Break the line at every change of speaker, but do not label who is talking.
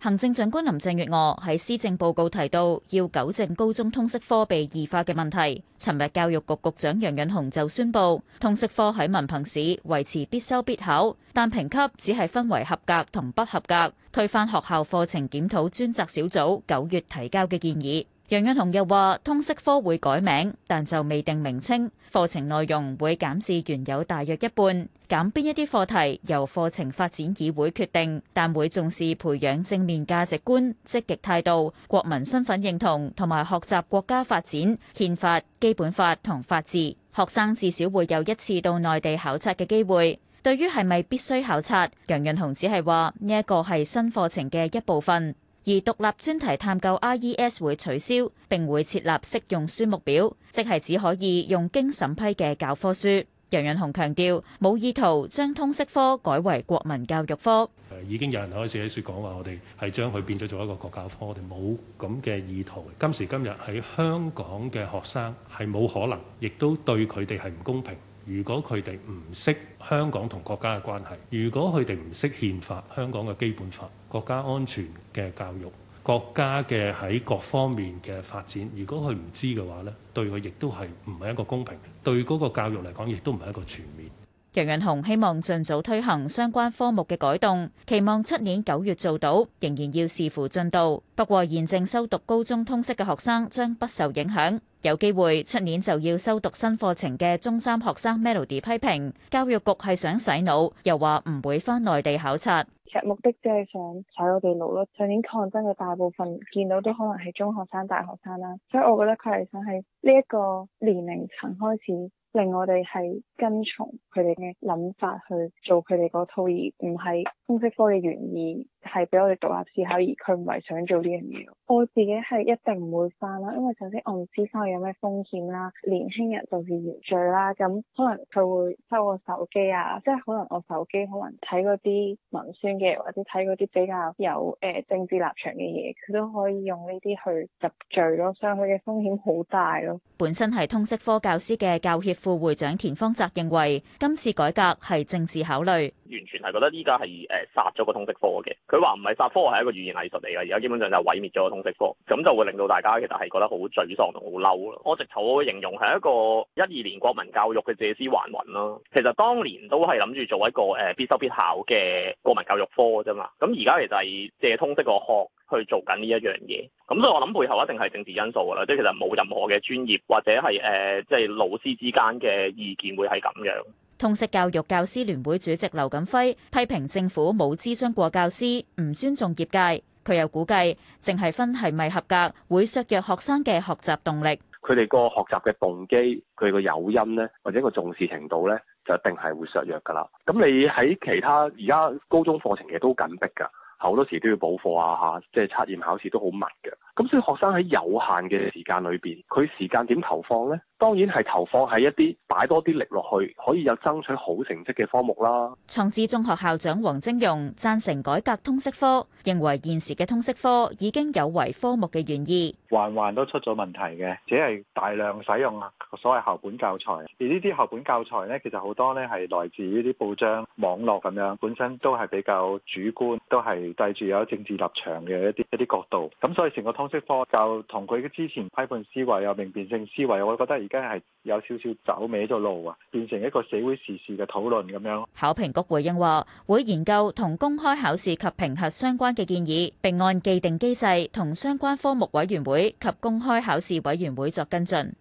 行政長官林鄭月娥喺施政報告提到，要糾正高中通識科被異化嘅問題。尋日教育局局長楊潤雄就宣布，通識科喺文憑試維持必修必考，但評級只係分為合格同不合格，推翻學校課程檢討專責小組九月提交嘅建議。楊潤雄又話：通識科會改名，但就未定名稱。課程內容會減至原有大約一半，減邊一啲課題由課程發展議會決定，但會重視培養正面價值觀、積極態度、國民身份認同同埋學習國家發展、憲法、基本法同法治。學生至少會有一次到內地考察嘅機會。對於係咪必須考察，楊潤雄只係話呢一個係新課程嘅一部分。而獨立專題探究 IES 會取消，並會設立適用書目表，即係只可以用經審批嘅教科書。楊潤雄強調，冇意圖將通識科改為國民教育科。
已經有人開始喺說講話，我哋係將佢變咗做一個國教科，我哋冇咁嘅意圖。今時今日喺香港嘅學生係冇可能，亦都對佢哋係唔公平。如果佢哋唔識香港同國家嘅關係，如果佢哋唔識憲法、香港嘅基本法、國家安全嘅教育、國家嘅喺各方面嘅發展，如果佢唔知嘅話呢，對佢亦都係唔係一個公平，對嗰個教育嚟講亦都唔係一個全面。
楊潤雄希望盡早推行相關科目嘅改動，期望出年九月做到，仍然要視乎進度。不過現正修讀高中通識嘅學生將不受影響，有機會出年就要修讀新課程嘅中三學生 Melody 批評教育局係想洗腦，又話唔會翻內地考察，
其實目的即係想洗我哋腦咯。上年抗爭嘅大部分見到都可能係中學生、大學生啦，所以我覺得佢係想喺呢一個年齡層開始。令我哋係跟從佢哋嘅諗法去做佢哋嗰套，而唔係通識科嘅原意係俾我哋獨立思考，而佢唔係想做呢樣嘢。我自己係一定唔會返啦，因為首先我唔知返去有咩風險啦，年輕人就易入罪啦，咁可能佢會收我手機啊，即係可能我手機可能睇嗰啲文宣嘅，或者睇嗰啲比較有誒、呃、政治立場嘅嘢，佢都可以用呢啲去入罪咯，所以佢嘅風險好大
咯。本身係通識科教師嘅教協副會長田方澤認為，今次改革係政治考慮。
完全係覺得依家係誒殺咗個通識科嘅，佢話唔係殺科，係一個語言藝術嚟嘅。而家基本上就毀滅咗個通識科，咁就會令到大家其實係覺得好沮喪同好嬲咯。我直頭我形容係一個一二年國民教育嘅借屍還魂咯。其實當年都係諗住做一個誒必修必考嘅國民教育科啫嘛。咁而家其實係借通識個學去做緊呢一樣嘢。咁所以我諗背後一定係政治因素啦。即係其實冇任何嘅專業或者係誒即係老師之間嘅意見會係咁樣。
通識教育教師聯會主席劉錦輝批評政府冇諮詢過教師，唔尊重業界。佢又估計，淨係分係咪合格，會削弱學生嘅學習動力。
佢哋個學習嘅動機，佢個誘因咧，或者個重視程度咧，就一定係會削弱㗎啦。咁你喺其他而家高中課程其實都緊逼㗎，好多時都要補課啊，嚇，即係測驗考試都好密嘅。咁所以學生喺有限嘅時間裏邊，佢時間點投放咧？當然係投放喺一啲擺多啲力落去，可以有爭取好成績嘅科目啦。
創智中學校長黃晶容贊成改革通識科，認為現時嘅通識科已經有違科目嘅原意，環環都出咗問題嘅，
只係大量使用所謂校本教材，而呢啲校本教材呢，其實好多呢係來自呢啲報章、網絡咁樣，本身都係比較主觀，都係帶住有政治立場嘅一啲一啲角度，咁所以成個通識科就同佢之前批判思維啊、明辨性思維，我覺得。而家係有少少走歪咗路啊，變成一個社會時事嘅討論咁
樣。考評局回應話，會研究同公開考試及評核相關嘅建議，並按既定機制同相關科目委員會及公開考試委員會作跟進。